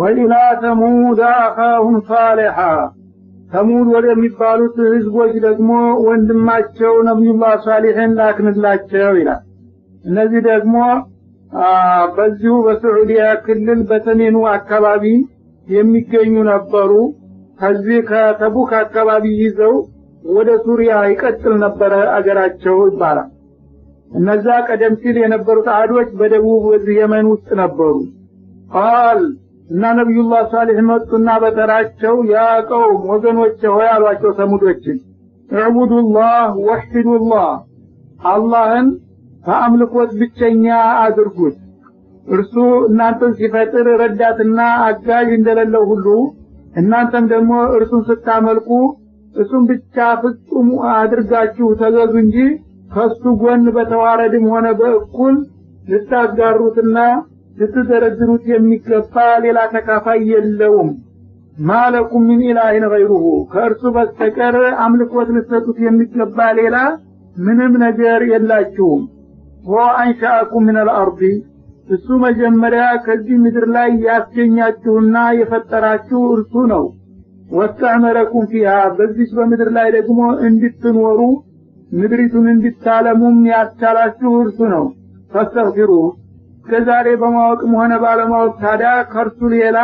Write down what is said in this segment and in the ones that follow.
ወኢላ ተሙድ አኻሁም ሷሊሓ ተሙድ ወደሚባሉት ህዝቦች ደግሞ ወንድማቸው ነቢዩላህ ሷሊሕን ላክንላቸው ይላል። እነዚህ ደግሞ በዚሁ በስዑዲያ ክልል በሰሜኑ አካባቢ የሚገኙ ነበሩ። ከዚህ ከተቡክ አካባቢ ይዘው ወደ ሱሪያ ይቀጥል ነበረ አገራቸው ይባላል። እነዛ ቀደም ሲል የነበሩት አዶች በደቡብ የመን ውስጥ ነበሩ። ቃል እና ነቢዩላህ ሳሌሕ መጡና በተራቸው ያቀው ወገኖች ሆይ አሏቸው ሰሙዶችን እዕቡዱላህ ወሕዱላህ አላህን ከአምልኮት ብቸኛ አድርጉት እርሱ እናንተን ሲፈጥር ረዳትና አጋዥ እንደሌለው ሁሉ እናንተም ደግሞ እርሱን ስታመልኩ እሱን ብቻ ፍጹም አድርጋችሁ ተገዙ እንጂ ከሱ ጎን በተዋረድም ሆነ በእኩል ልታጋሩትና ልትደረድሩት የሚገባ ሌላ ተካፋይ የለውም ማለኩም ምን ኢላሂን ገይሩሁ ከእርሱ በስተቀር አምልኮት ልትሰጡት የሚገባ ሌላ ምንም ነገር የላችሁም ሆ አንሻአኩም ምን አልአርዲ እሱ መጀመሪያ ከዚህ ምድር ላይ ያስገኛችሁና የፈጠራችሁ እርሱ ነው ወስተዕመረኩም ፊሃ በዚች በምድር ላይ ደግሞ እንድትኖሩ ምድሪቱን እንድታለሙም ያስቻላችሁ እርሱ ነው ፈስተግፊሩህ እስከ ዛሬ በማወቅም ሆነ ባለማወቅ ታዲያ ከእርሱ ሌላ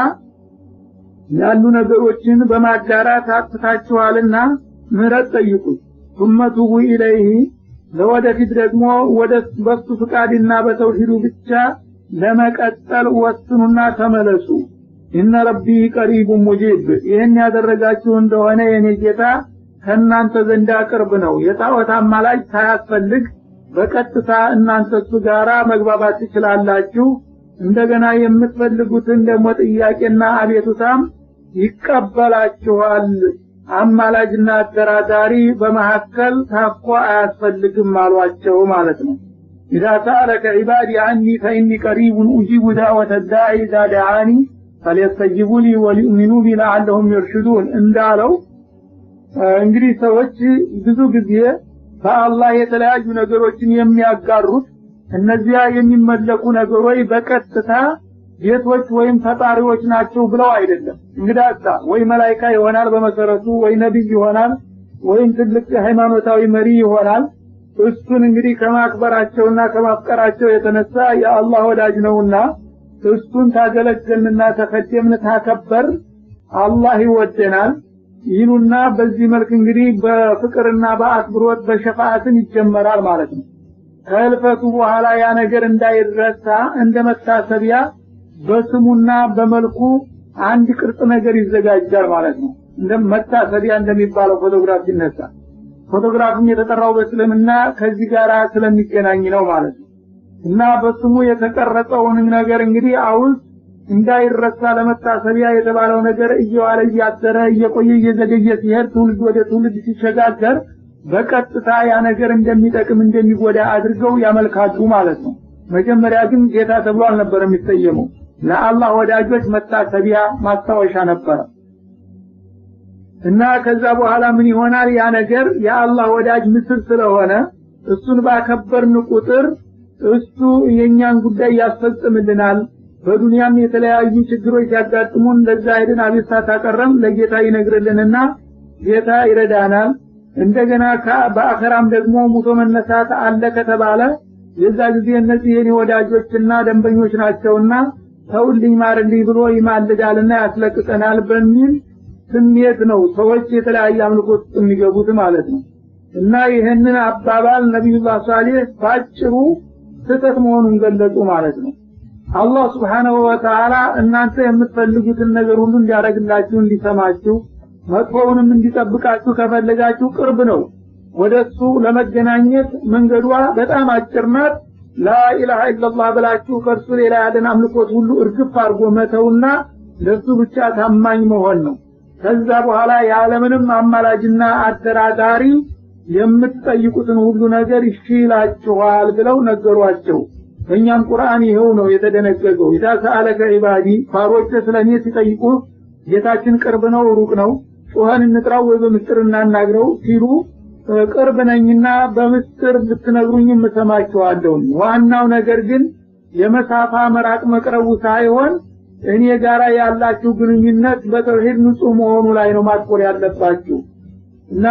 ያሉ ነገሮችን በማጋራት አጥታችኋልና ምህረት ጠይቁት ثم توبوا إليه ለወደፊት ደግሞ ወደ በሱ ፍቃድና በተውሂዱ ብቻ ለመቀጠል ወስኑና ተመለሱ እነ ረቢ ቀሪቡ ሙጂብ ይህን ያደረጋችሁ እንደሆነ የኔ ጌታ ከእናንተ ዘንድ ቅርብ ነው የጣዖት አማላጅ ሳያስፈልግ በቀጥታ እናንተ እናንተሱ ጋራ መግባባት ትችላላችሁ። እንደገና የምትፈልጉትን ደግሞ ጥያቄና አቤቱታም ይቀበላችኋል። አማላጅና አደራዳሪ በመካከል ታኮ አያስፈልግም አሏቸው ማለት ነው። ኢዛ ሰአለከ ዒባዲ አኒ ፈኢኒ ቀሪቡን ኡጂቡ ዳዕወተ ዳዒ ኢዛ ደዓኒ ፈልየስተጂቡ ሊ ወሊኡሚኑ ቢ ለዓለሁም የርሽዱን እንዳለው እንግዲህ ሰዎች ብዙ ጊዜ በአላህ የተለያዩ ነገሮችን የሚያጋሩት እነዚያ የሚመለኩ ነገሮች በቀጥታ ጌቶች ወይም ፈጣሪዎች ናቸው ብለው አይደለም። እንግዳታ ወይ መላይካ ይሆናል በመሰረቱ ወይ ነቢይ ይሆናል ወይም ትልቅ ሃይማኖታዊ መሪ ይሆናል። እሱን እንግዲህ ከማክበራቸውና ከማፍቀራቸው የተነሳ የአላህ ወዳጅ ነውና እሱን ታገለገልንና ተከደምን ታከበር አላህ ይወደናል ይሉና በዚህ መልክ እንግዲህ በፍቅርና በአክብሮት በሸፋአትን ይጀመራል ማለት ነው። ከህልፈቱ በኋላ ያ ነገር እንዳይረሳ እንደ መታሰቢያ በስሙና በመልኩ አንድ ቅርጽ ነገር ይዘጋጃል ማለት ነው። እንደ መታሰቢያ እንደሚባለው ፎቶግራፍ ይነሳ ፎቶግራፍም የተጠራው በእስልምና ከዚህ ጋር ስለሚገናኝ ነው ማለት ነው። እና በስሙ የተቀረጸውን ነገር እንግዲህ አውዝ እንዳይረሳ ለመታሰቢያ የተባለው ነገር እየዋለ እያደረ እየቆየ እየዘገየ ሲሄድ ትውልድ ወደ ትውልድ ሲሸጋገር በቀጥታ ያ ነገር እንደሚጠቅም እንደሚጎዳ አድርገው ያመልካሉ ማለት ነው። መጀመሪያ ግን ጌታ ተብሎ አልነበረ የሚሰየመው። ለአላህ ወዳጆች መታሰቢያ ማስታወሻ ነበረ እና ከዛ በኋላ ምን ይሆናል? ያ ነገር የአላህ ወዳጅ ምስል ስለሆነ እሱን ባከበርን ቁጥር እሱ የእኛን ጉዳይ ያስፈጽምልናል በዱንያም የተለያዩ ችግሮች ያጋጥሙን ለዛ ሄደን አቤቱታ ታቀረም ለጌታ ይነግርልንና ጌታ ይረዳናል። እንደገና በአኸራም ደግሞ ሙቶ መነሳት አለ ከተባለ የዛ ጊዜ እነዚህ የኔ ወዳጆችና ደንበኞች ናቸውና ተውልኝ ማርልኝ ብሎ ይማልዳልና ያስለቅቀናል በሚል ስሜት ነው ሰዎች የተለያየ አምልኮት የሚገቡት ማለት ነው። እና ይህንን አባባል ነቢዩላህ ሷሊህ ባጭሩ ስህተት መሆኑን ገለጡ ማለት ነው። አላህ ስብሓነሁ ወተዓላ እናንተ የምትፈልጉትን ነገር ሁሉ እንዲያደርግላችሁ እንዲሰማችሁ መጥፎውንም እንዲጠብቃችሁ ከፈለጋችሁ ቅርብ ነው ወደ እሱ ለመገናኘት መንገዷ በጣም አጭር ናት ላኢላሃ ኢለላህ ብላችሁ ከእርሱ ሌላ ያለን አምልኮት ሁሉ እርግፍ አድርጎ መተውና ለእሱ ብቻ ታማኝ መሆን ነው ከዛ በኋላ ያለምንም አማላጅና አደራዳሪ የምትጠይቁትን ሁሉ ነገር ይሽላችኋል ብለው ነገሯቸው በእኛም ቁርአን ይኸው ነው የተደነገገው። ኢዛ ሰአለከ ኢባዲ ፋሮች ስለኔ ሲጠይቁ ጌታችን ቅርብ ነው ሩቅ ነው፣ ጩኸን እንጥራው ወይ በምስጢር እናናግረው ሲሉ ቅርብ ነኝና በምስጢር ብትነግሩኝ እሰማችኋለሁኝ። ዋናው ነገር ግን የመሳፋ መራቅ መቅረቡ ሳይሆን እኔ ጋራ ያላችሁ ግንኙነት በተውሂድ ንጹህ መሆኑ ላይ ነው ማጥቆር ያለባችሁ እና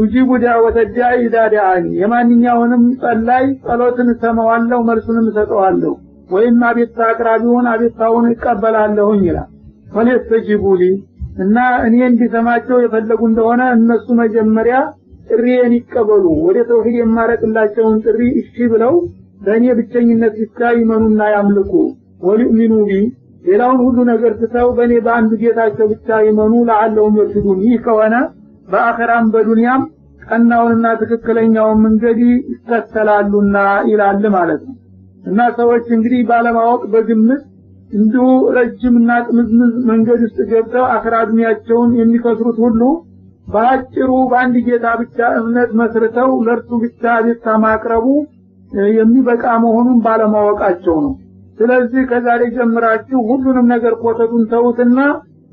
ኡጂቡ ዳዕወተ ዳዒ ኢዛ ዳዓኒ የማንኛውንም ጸላይ ጸሎትን እሰማዋለሁ መልሱንም እሰጠዋለሁ ወይም አቤትታ አቅራቢውን አቤትታውን ይቀበላለሁኝ ይላል ፈሊየስተጂቡ ሊ እና እኔ እንዲሰማቸው የፈለጉ እንደሆነ እነሱ መጀመሪያ ጥሪዬን ይቀበሉ ወደ ተውሂድ የማረቅላቸውን ጥሪ እሺ ብለው ለእኔ ብቸኝነት ብቻ ይመኑና ያምልኩ ወሊኡሚኑ ቢ ሌላውን ሁሉ ነገር ትተው በእኔ በአንዱ ጌታቸው ብቻ ይመኑ ለዓለሁም የርሽዱን ይህ ከሆነ በአኸራም በዱንያም ቀናውንና ትክክለኛውን መንገድ ይከተላሉና ይላል ማለት ነው። እና ሰዎች እንግዲህ ባለማወቅ በግምት እንዲሁ ረጅምና ጥምዝምዝ መንገድ ውስጥ ገብተው አኸራ እድሜያቸውን የሚከስሩት ሁሉ በአጭሩ በአንድ ጌታ ብቻ እምነት መስርተው ለእርሱ ብቻ ቤታ ማቅረቡ የሚበቃ መሆኑን ባለማወቃቸው ነው። ስለዚህ ከዛሬ ጀምራችሁ ሁሉንም ነገር ኮተቱን ተዉትና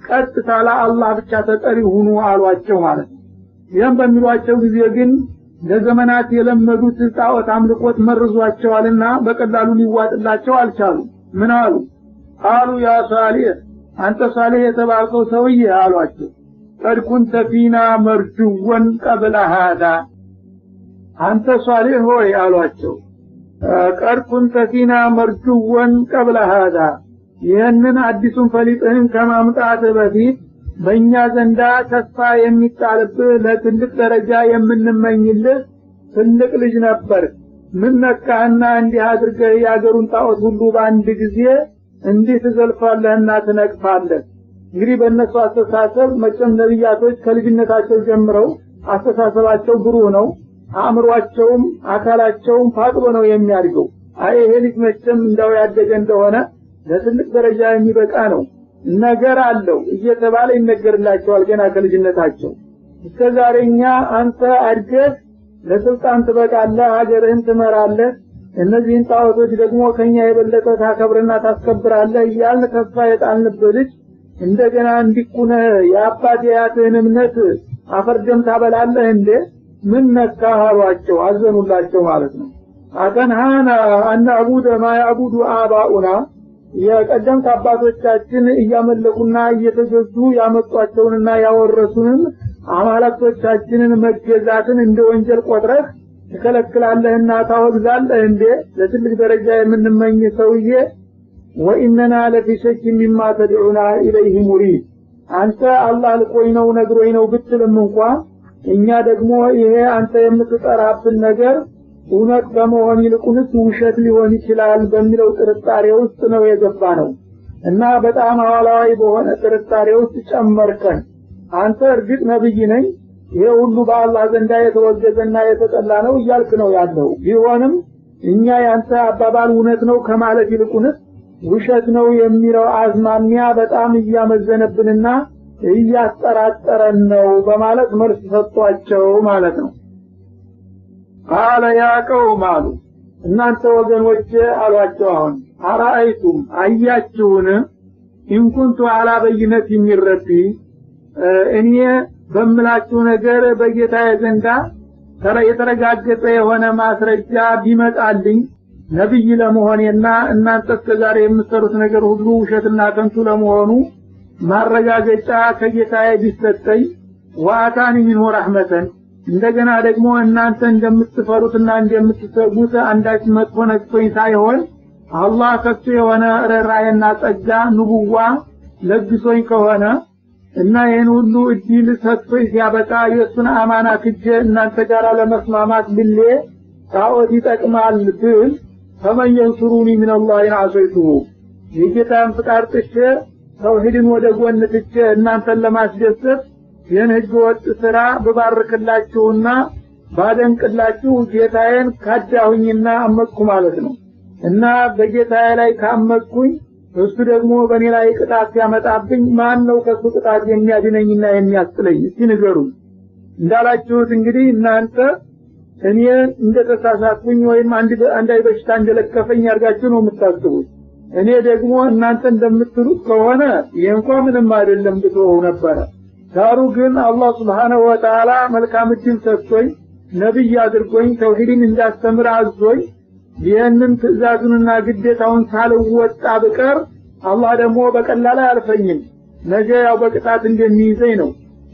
ቀጥታ ለአላህ ብቻ ተጠሪ ሁኑ አሏቸው ማለት ነው። ይህም በሚሏቸው ጊዜ ግን ለዘመናት የለመዱት ጣዖት አምልኮት መርዟቸዋልና በቀላሉ ሊዋጥላቸው አልቻሉም። ምን አሉ? አሉ ያ ሳሌህ፣ አንተ ሳሌህ የተባልከው ሰውዬ አሏቸው። ቀድ ኩንተ ፊና መርጅወን ቀብለ ሃዳ፣ አንተ ሳሌህ ሆይ አሏቸው። ቀድ ኩንተ ፊና መርጅወን ቀብለ ሃዳ ይህንን አዲሱን ፈሊጥህን ከማምጣት በፊት በእኛ ዘንዳ ተስፋ የሚጣልብህ ለትልቅ ደረጃ የምንመኝልህ ትልቅ ልጅ ነበር። ምን ነካህና እንዲህ አድርገህ የአገሩን ጣዖት ሁሉ በአንድ ጊዜ እንዲህ ትዘልፋለህና ትነቅፋለህ? እንግዲህ በእነሱ አስተሳሰብ መቼም ነቢያቶች ከልጅነታቸው ጀምረው አስተሳሰባቸው ብሩህ ነው። አእምሯቸውም አካላቸውም ፋጥሮ ነው የሚያድገው። አይ ይሄ ልጅ መቼም እንዳው ያደገ እንደሆነ ለትልቅ ደረጃ የሚበቃ ነው ነገር አለው እየተባለ ይነገርላቸዋል ገና ከልጅነታቸው እስከ ዛሬኛ አንተ አድገህ ለስልጣን ትበቃለህ ሀገርህን ትመራለህ እነዚህን ጣዖቶች ደግሞ ከእኛ የበለጠ ታከብርና ታስከብራለህ እያልን ተስፋ የጣልንበት ልጅ እንደገና እንዲኩነ የአባት የያትህን እምነት አፈርደም ታበላለህ እንዴ ምን ነካ አሏቸው አዘኑላቸው ማለት ነው አተንሃና አናዕቡደ ማ ያዕቡዱ አባኡና የቀደምት አባቶቻችን እያመለኩና እየተገዙ ያመጧቸውንና ያወረሱንን አማላቶቻችንን መገዛትን እንደ ወንጀል ቆጥረህ ትከለክላለህና ታወግዛለህ እንዴ? ለትልቅ ደረጃ የምንመኝ ሰውዬ ወኢነና ለፊሸክ ሚማ ተድዑና ኢለይህ ሙሪድ አንተ አላህ ልቆኝ ነው ነግሮኝ ነው ብትልም እንኳ እኛ ደግሞ ይሄ አንተ የምትጠራብን ነገር እውነት በመሆን ይልቁንስ ውሸት ሊሆን ይችላል በሚለው ጥርጣሬ ውስጥ ነው የገባ ነው እና በጣም ሐዋላዊ በሆነ ጥርጣሬ ውስጥ ጨመርከን። አንተ እርግጥ ነብይ ነኝ፣ ይሄ ሁሉ በአላህ ዘንዳ የተወገዘና የተጠላ ነው እያልክ ነው ያለው። ቢሆንም እኛ ያንተ አባባል እውነት ነው ከማለት ይልቁንስ ውሸት ነው የሚለው አዝማሚያ በጣም እያመዘነብንና እያጠራጠረን ነው በማለት መልስ ሰጥቷቸው ማለት ነው። ቃለ ያቀውም አሉ እናንተ ወገኖቼ አሏቸው አሁን አራአይቱም አያችሁን ኢንኩንቱ አላ በይነት የሚረቢ እኔ በምላችሁ ነገር በጌታ ዘንዳ የተረጋገጠ የሆነ ማስረጃ ቢመጣልኝ ነቢይ ለመሆኔና እናንተ እስከዛሬ የምትሰሩት ነገር ሁሉ ውሸትና ከንቱ ለመሆኑ ማረጋገጫ ከጌታዬ ቢሰጠኝ ወአታኒ ሚንሁ ራህመተን እንደገና ደግሞ እናንተ እንደምትፈሩትና እንደምትሰጉት አንዳች መጥፎ ነክቶኝ ሳይሆን አላህ ከሱ የሆነ ርኅራኄና ጸጋ ንቡዋ ለግሶኝ ከሆነ እና ይህን ሁሉ እድል ሰጥቶኝ ሲያበቃ የእሱን አማና ክጀ እናንተ ጋር ለመስማማት ብሌ ጣዖት ይጠቅማል ብል ፈመን የንሱሩኒ ሚንላህ አሶይቱሁ የጌታን ፍቃድ ጥሼ ተውሂድን ወደ ጎን ትቼ እናንተን ለማስደሰት ይህን ወጥ ሥራ ብባርክላችሁና ባደንቅላችሁ ጌታዬን ካዳሁኝና አመጥኩ ማለት ነው እና በጌታዬ ላይ ካመኩኝ እሱ ደግሞ በእኔ ላይ ቅጣት ሲያመጣብኝ ማን ነው ከእሱ ቅጣት የሚያድነኝና የሚያስጥለኝ እስቲ ንገሩኝ እንዳላችሁት እንግዲህ እናንተ እኔ እንደ ተሳሳትኩኝ ወይም አንድ በሽታ እንደለከፈኝ ያርጋችሁ ነው የምታስቡት እኔ ደግሞ እናንተ እንደምትሉት ከሆነ ይህ እንኳ ምንም አይደለም ብትወው ነበረ ዳሩ ግን አላህ ስብሓነሁ ወተዓላ መልካም እድል ሰጥቶኝ ነቢይ አድርጎኝ ተውሂድን እንዳስተምር አዞኝ ይህንን ትእዛዙንና ግዴታውን ሳልወጣ ብቀር አላህ ደግሞ በቀላል አያልፈኝም። ነገ ያው በቅጣት እንደሚይዘኝ ነው።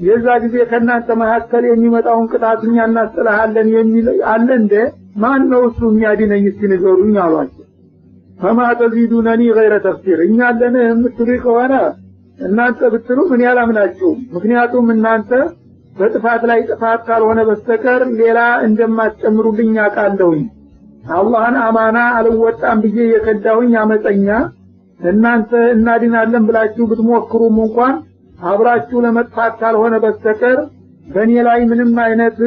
የዛ ጊዜ ከእናንተ መካከል የሚመጣውን ቅጣት እኛ እናስጥልሃለን የሚል አለ እንደ ማን ነው እሱ የሚያድነኝ? እስቲ ንገሩኝ አሏቸው። ፈማ ተዚዱነኒ ገይረ ተፍሲር እኛ ለንህ የምትሉ ከሆነ እናንተ ብትሉ እኔ አላምናችሁም። ምክንያቱም እናንተ በጥፋት ላይ ጥፋት ካልሆነ በስተቀር ሌላ እንደማትጨምሩልኝ አውቃለሁኝ። አላህን አማና አልወጣም ብዬ የከዳሁኝ አመፀኛ፣ እናንተ እናድናለን ብላችሁ ብትሞክሩም እንኳን አብራችሁ ለመጥፋት ካልሆነ በስተቀር በእኔ ላይ ምንም አይነት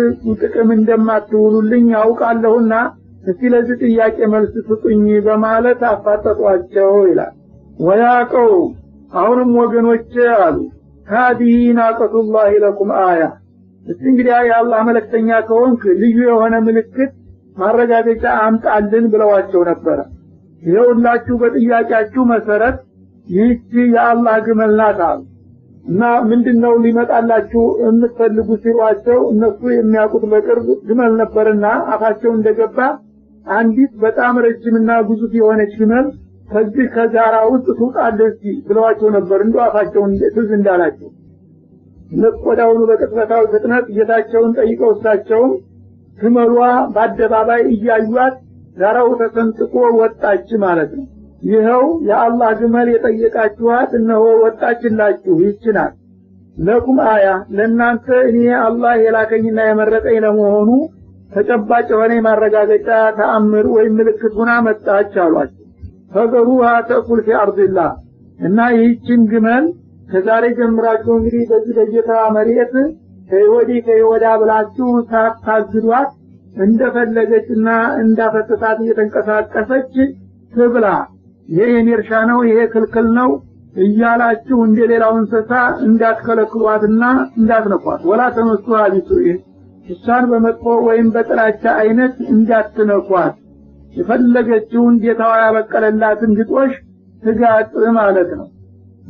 ጥቅም እንደማትውሉልኝ አውቃለሁና እስቲ ለዚህ ጥያቄ መልስ ስጡኝ በማለት አፋጠጧቸው ይላል ወያ አሁንም ወገኖች አሉ ሃዲሂ ናቀቱላሂ ለኩም አያ እስቲ እንግዲህ የአላህ መለክተኛ ከሆንክ ልዩ የሆነ ምልክት ማረጋገጫ አምጣልን ብለዋቸው ነበረ። ይኸውላችሁ በጥያቄያችሁ መሰረት ይህቺ የአላህ ግመል ናት አሉ እና ምንድን ነው ሊመጣላችሁ የምትፈልጉ ሲሏቸው እነሱ የሚያውቁት በቅርብ ግመል ነበርና አፋቸው እንደገባ አንዲት በጣም ረጅምና ጉዙፍ የሆነች ግመል ከዚህ ከዛራ ውስጥ ትውጣለህ እስቲ ብለዋቸው ነበር። እንደ አፋቸውን ትዝ እንዳላቸው ልክ ወዳውኑ በቅጽበታዊ ፍጥነት ጌታቸውን ጠይቀው እሳቸውም ትመሏ በአደባባይ እያዩት ጋራው ተሰንጥቆ ወጣች ማለት ነው። ይኸው የአላህ ግመል የጠየቃችኋት እነሆ ወጣችላችሁ ይችናል። ለኩም አያ ለእናንተ እኔ አላህ የላከኝና የመረጠኝ ለመሆኑ ተጨባጭ የሆነ ማረጋገጫ ተአምር ወይም ምልክት ሁና መጣች አሏቸው። ፈገሩሃ ተኩል ፊ አርድላ እና ይህችን ግመል ከዛሬ ጀምራችሁ እንግዲህ በዚህ በጌታ መሬት ከይወዲህ ከይወዳ ብላችሁ ሳታግዷት እና እንዳፈጠጣት እየተንቀሳቀሰች ትብላ። ይሄ የኔ እርሻ ነው፣ ይሄ ክልክል ነው እያላችሁ እንደ ሌላው እንስሳ እንዳትከለክሏትና እንዳትነኳት። ወላ ተመስቱሃ ቢሱእ እሷን በመጥፎ ወይም በጥላቻ አይነት እንዳትነኳት። የፈለገችውን ጌታዋ ያበቀለላትን ግጦሽ ትጋጥ ማለት ነው።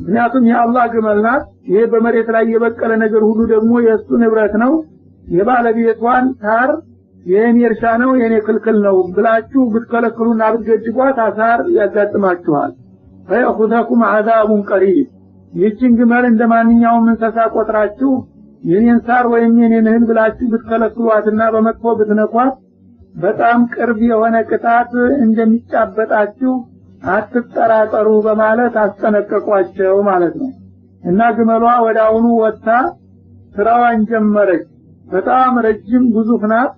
ምክንያቱም የአላህ ግመል ናት። ይሄ በመሬት ላይ የበቀለ ነገር ሁሉ ደግሞ የእሱ ንብረት ነው። የባለቤቷን ሳር የእኔ እርሻ ነው የእኔ ክልክል ነው ብላችሁ ብትከለክሉና ብትገድቧት አሳር ያጋጥማችኋል። ፈየኹዘኩም ዐዛቡን ቀሪብ። ይህችን ግመል እንደ ማንኛውም እንስሳ ቆጥራችሁ የኔን ሳር ወይም የኔን እህል ብላችሁ ብትከለክሏትና በመጥፎ ብትነኳት በጣም ቅርብ የሆነ ቅጣት እንደሚጫበጣችሁ አትጠራጠሩ በማለት አስጠነቀቋቸው ማለት ነው እና ግመሏ ወደ አሁኑ ወጥታ ስራዋን ጀመረች በጣም ረጅም ግዙፍ ናት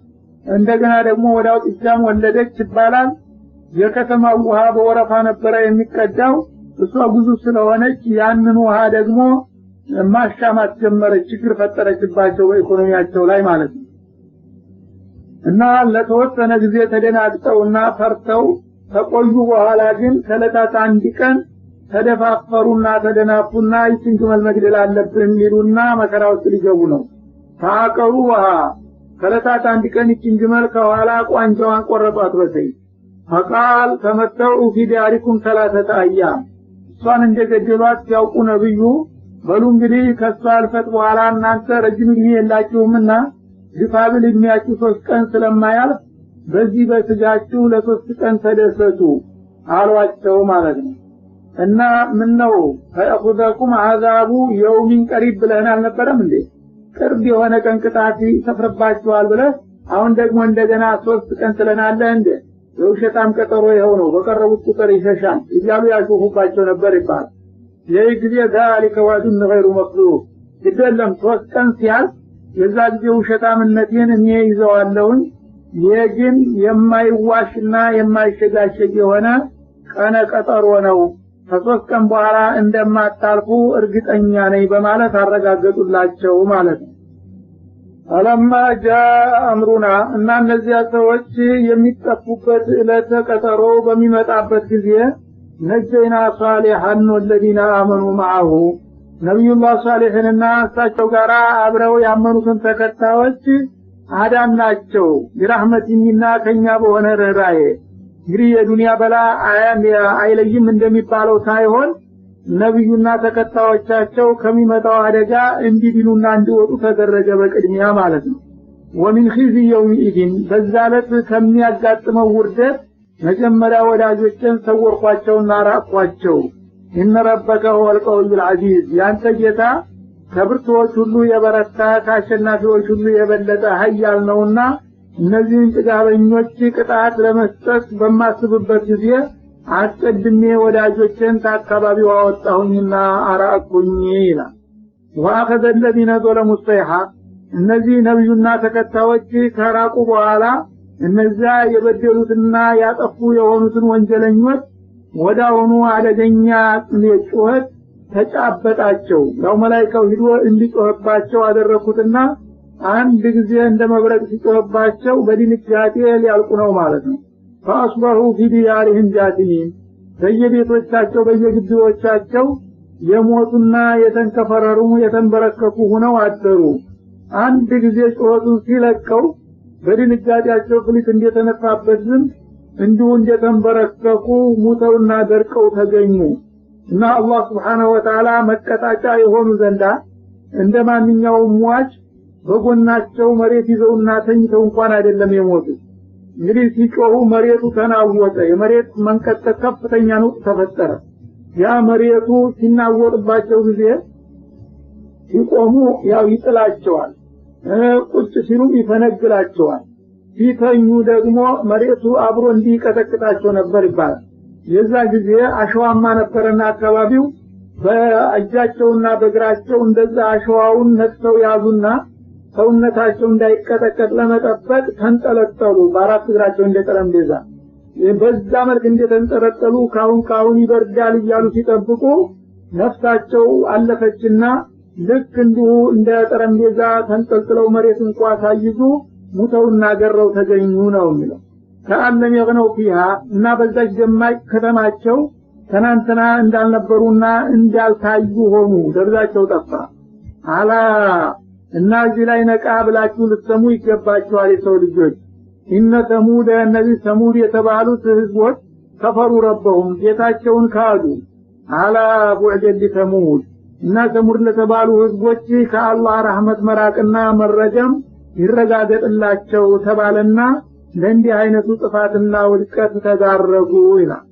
እንደገና ደግሞ ወደ አውጥጃም ወለደች ይባላል የከተማው ውሃ በወረፋ ነበረ የሚቀዳው እሷ ግዙፍ ስለሆነች ያንን ውሃ ደግሞ ማሻማት ጀመረች ችግር ፈጠረችባቸው በኢኮኖሚያቸው ላይ ማለት ነው እና ለተወሰነ ጊዜ ተደናግጠውና ፈርተው ተቆዩ። በኋላ ግን ከለታት አንድ ቀን ተደፋፈሩና ተደናፉና ይችን ግመል መግደል አለብን የሚሉና መከራ ውስጥ ሊገቡ ነው። ታቀሩ ውሃ ከለታት አንድ ቀን ይችን ግመል ከኋላ ቋንጃዋን ቆረጧት በሰይፍ ፈቃል ተመተው ፊዲያሪኩም ሰላሰተ አያ እሷን እንደ ገደሏት ሲያውቁ ነብዩ በሉ እንግዲህ ከእሷ አልፈት በኋላ እናንተ ረጅም ጊዜ የላችሁምና ዝፋብል እድሜያችሁ ሶስት ቀን ስለማያልፍ በዚህ በስጋችሁ ለሶስት ቀን ተደሰቱ አሏቸው ማለት ነው። እና ምን ነው ፈየኹዘኩም አዛቡ የውሚን ቀሪብ ብለህን አልነበረም እንዴ? ቅርብ የሆነ ቀን ቅጣት ይሰፍርባችኋል ብለህ አሁን ደግሞ እንደገና ሶስት ቀን ስለናለ እንደ የውሸጣም ቀጠሮ ይኸው ነው፣ በቀረቡት ቁጥር ይሸሻል እያሉ ያሾፉባቸው ነበር ይባል ይህ ጊዜ ዛሊከ ዋዱን ገይሩ መክሉቅ ግደለም ሶስት ቀን ሲያልፍ የዛ ጊዜ ውሸታምነቴን እኔ ይዘዋለሁኝ። ይሄ ግን የማይዋሽና የማይሸጋሸግ የሆነ ቀነ ቀጠሮ ነው። ከሶስት ቀን በኋላ እንደማታልፉ እርግጠኛ ነኝ በማለት አረጋገጡላቸው ማለት ነው። አለማ ጃ አምሩና እና እነዚያ ሰዎች የሚጠፉበት እለተ ቀጠሮ በሚመጣበት ጊዜ ነጀይና ሳሌሐን ወለዲና አመኑ ማአሁ ነቢዩላህ ሷሌሕንና እሳቸው ጋር አብረው ያመኑትን ተከታዮች አዳም ናቸው ቢራህመቲኒና ከእኛ በሆነ ርኅራዬ እንግዲህ የዱንያ በላ አይለይም እንደሚባለው ሳይሆን ነቢዩና ተከታዮቻቸው ከሚመጣው አደጋ እንዲድኑና እንዲወጡ ተደረገ በቅድሚያ ማለት ነው ወሚን ኺዚ የውሚኢዲን በዛ ዕለት ከሚያጋጥመው ውርደት መጀመሪያ ወዳጆችን ሰወርኳቸውና ራቅኳቸው ኢነ ረበከ ሁወል ቀዊዩል ያንተ ጌታ ከብርቱዎች ሁሉ የበረታ ከአሸናፊዎች ሁሉ የበለጠ ሀያል ነውና እነዚህን ጥጋበኞች ቅጣት ለመስጠት በማስብበት ጊዜ አስቀድሜ ወዳጆችን ከአካባቢው አወጣሁኝና አራቁኝ ይላል። ወአኸዘ ለዚነ ዞለሙ ሰይሐ እነዚህ ነቢዩና ተከታዮች ከራቁ በኋላ እነዚያ የበደሉትና ያጠፉ የሆኑትን ወንጀለኞች ወዳውኑ አደገኛ ጩኸት ተጫበጣቸው። ያው መላይካው ሂዶ እንዲጮህባቸው አደረግኩትና አንድ ጊዜ እንደ መብረቅ ሲጮህባቸው በድንጋጤ ሊያልቁ ነው ማለት ነው። ፈአስበሁ ፊ ጃቲሚን በየቤቶቻቸው በየግድቦቻቸው የሞቱና የተንከፈረሩ የተንበረከኩ ሁነው አደሩ። አንድ ጊዜ ጩኸቱን ሲለቀው በድንጋጤያቸው ፍሊት እንደተነፋበት ዝም እንዲሁ እንደተንበረከኩ ሙተውና ደርቀው ተገኙ እና አላህ ስብሓነ ወተዓላ መቀጣጫ የሆኑ ዘንዳ እንደ ማንኛውም ሟች በጎናቸው መሬት ይዘውና ተኝተው እንኳን አይደለም የሞቱ እንግዲህ ሲጮሁ መሬቱ ተናወጠ የመሬት መንቀጥቀጥ ከፍተኛ ነው ተፈጠረ ያ መሬቱ ሲናወጥባቸው ጊዜ ሲቆሙ ያው ይጥላቸዋል ቁጭ ሲሉም ይፈነግላቸዋል ሲተኙ ደግሞ መሬቱ አብሮ እንዲቀጠቅጣቸው ነበር ይባላል። የዛ ጊዜ አሸዋማ ነበረና አካባቢው በእጃቸውና በእግራቸው እንደዛ አሸዋውን ነጥተው ያዙና ሰውነታቸው እንዳይቀጠቀጥ ለመጠበቅ ተንጠለጠሉ። በአራት እግራቸው እንደ ጠረጴዛ በዛ መልክ እንደተንጠለጠሉ ካሁን ካሁን ይበርዳል እያሉ ሲጠብቁ ነፍሳቸው አለፈችና ልክ እንዲሁ እንደ ጠረጴዛ ተንጠልጥለው መሬት እንኳ ሳይዙ ሙተውና ገረው ተገኙ ነው የሚለው ከአለም የቅነው ፊሃ እና በዛች ደማቅ ከተማቸው ትናንትና እንዳልነበሩና እንዳልታዩ ሆኑ ደብዛቸው ጠፋ አላ እና እዚህ ላይ ነቃ ብላችሁ ልትሰሙ ይገባችኋል የሰው ልጆች ኢነ ተሙደ እነዚህ ተሙድ የተባሉት ህዝቦች ከፈሩ ረበሁም ጌታቸውን ካዱ አላ ቡዕደል ተሙድ እና ተሙድ ለተባሉ ህዝቦች ከአላህ ረህመት መራቅና መረጀም ይረጋገጥላቸው ተባለና ለእንዲህ አይነቱ ጥፋትና ውድቀት ተዳረጉ ይላል።